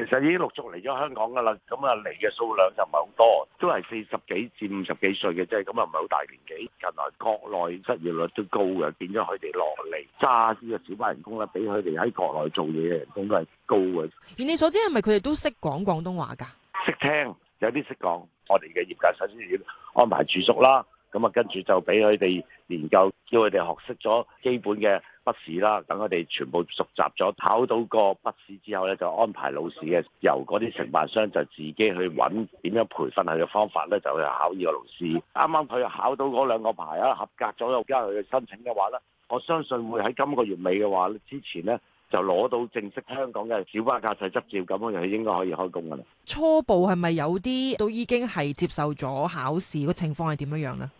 其實已經陸續嚟咗香港噶啦，咁啊嚟嘅數量就唔係好多，都係四十幾至五十幾歲嘅，即係咁啊唔係好大年紀。近來國內失業率都高嘅，變咗佢哋落嚟揸呢個小巴人工啦，比佢哋喺國內做嘢嘅人工都係高嘅。以你所知係咪佢哋都識講廣東話㗎？識聽，有啲識講，我哋嘅業界首先要安排住宿啦，咁啊跟住就俾佢哋研究，叫佢哋學識咗基本嘅。筆試啦，等佢哋全部熟習咗，考到個筆試之後咧，就安排路試嘅，由嗰啲承辦商就自己去揾點樣培訓佢嘅方法咧，就去考呢個路試。啱啱佢考到嗰兩個牌啊，合格咗，加佢去申請嘅話咧，我相信會喺今個月尾嘅話之前咧，就攞到正式香港嘅小巴駕駛執照，咁樣就應該可以開工噶啦。初步係咪有啲都已經係接受咗考試？個情況係點樣樣咧？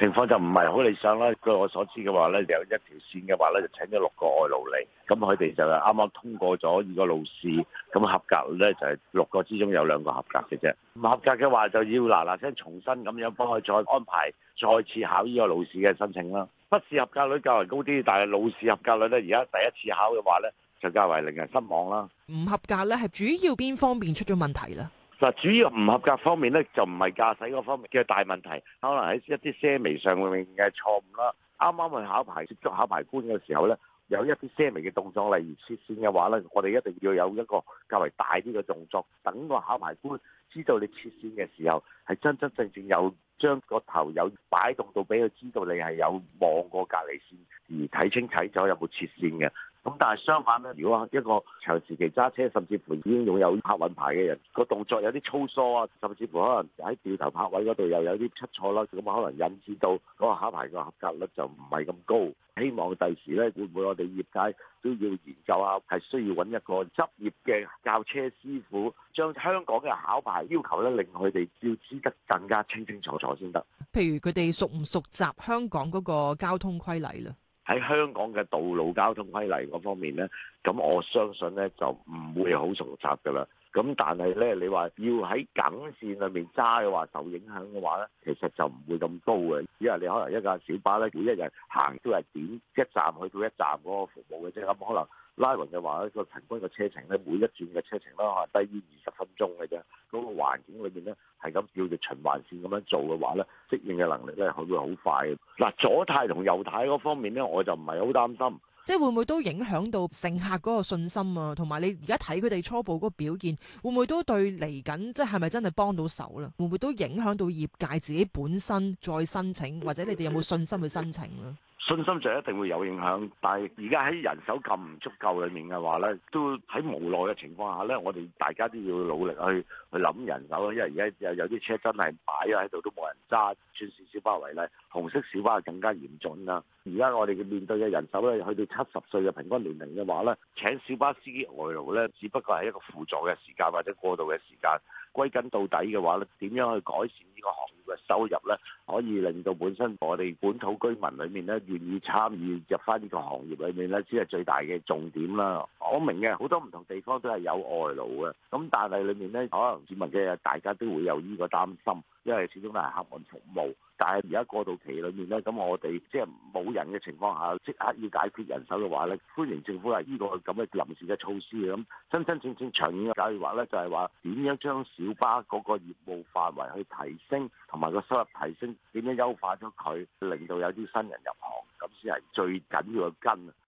情況就唔係好理想啦。據我所知嘅話呢，有一條線嘅話呢，就請咗六個外勞嚟，咁佢哋就係啱啱通過咗呢個路試，咁合格率呢就係六個之中有兩個合格嘅啫。唔合格嘅話，就要嗱嗱聲重新咁樣幫佢再安排，再次考呢個路試嘅申請啦。筆試合格率較為高啲，但係路試合格率呢，而家第一次考嘅話呢，就較為令人失望啦。唔合格呢，係主要邊方面出咗問題啦？嗱，主要唔合格方面咧，就唔係駕駛嗰方面嘅大問題，可能喺一啲些微上面嘅錯誤啦。啱啱去考牌，接觸考牌官嘅時候咧，有一啲些微嘅動作，例如切線嘅話咧，我哋一定要有一個較為大啲嘅動作，等個考牌官知道你切線嘅時候，係真真正正有將個頭有擺動到俾佢知道你係有望過隔離線而睇清睇楚有冇切線嘅。咁但係相反咧，如果一個長時期揸車，甚至乎已經擁有客運牌嘅人，個動作有啲粗疏啊，甚至乎可能喺掉頭泊位嗰度又有啲出錯啦，咁可能引致到嗰個考牌嘅合格率就唔係咁高。希望第時咧，會唔會我哋業界都要研究下，係需要揾一個執業嘅教車師傅，將香港嘅考牌要求咧，令佢哋照知得更加清清楚楚先得。譬如佢哋熟唔熟習香港嗰個交通規例啦？喺香港嘅道路交通規例嗰方面咧，咁我相信咧就唔會好重疊噶啦。咁但係咧，你話要喺梗線裏面揸嘅話，受影響嘅話咧，其實就唔會咁高嘅，只係你可能一架小巴咧，佢一日行都係點一站去到一站嗰個服務嘅啫。咁可能。拉勻嘅話，一個平均嘅車程咧，每一轉嘅車程啦吓，低於二十分鐘嘅啫。嗰個環境裏邊咧，係咁叫做循環線咁樣做嘅話咧，適應嘅能力咧，佢會好快。嗱，左軚同右軚嗰方面咧，我就唔係好擔心。即係會唔會都影響到乘客嗰個信心啊？同埋你而家睇佢哋初步嗰個表現，會唔會都對嚟緊？即係係咪真係幫到手啦？會唔會都影響到業界自己本身再申請，或者你哋有冇信心去申請啦？信心上一定會有影響，但係而家喺人手咁唔足夠裏面嘅話呢，都喺無奈嘅情況下呢，我哋大家都要努力去去諗人手，因為而家有啲車真係擺喺度都冇人揸，專線小巴為例，紅色小巴更加嚴重啦。而家我哋面對嘅人手呢，去到七十歲嘅平均年齡嘅話呢，請小巴司機外勞呢，只不過係一個輔助嘅時間或者過渡嘅時間。歸根到底嘅話呢，點樣去改善呢個行業？收入咧，可以令到本身我哋本土居民裏面咧願意參與入返呢個行業裏面咧，先係最大嘅重點啦。我明嘅好多唔同地方都係有外勞嘅，咁但係裏面咧，可能市民嘅大家都會有呢個擔心，因為始終都係客運服務。但係而家過渡期裏面咧，咁我哋即係冇人嘅情況下，即刻要解決人手嘅話咧，歡迎政府係呢個咁嘅臨時嘅措施。咁真真正正長遠嘅計劃咧，就係話點樣將小巴嗰個業務範圍去提升，同埋個收入提升，點樣優化咗佢，令到有啲新人入行，咁先係最緊要嘅根。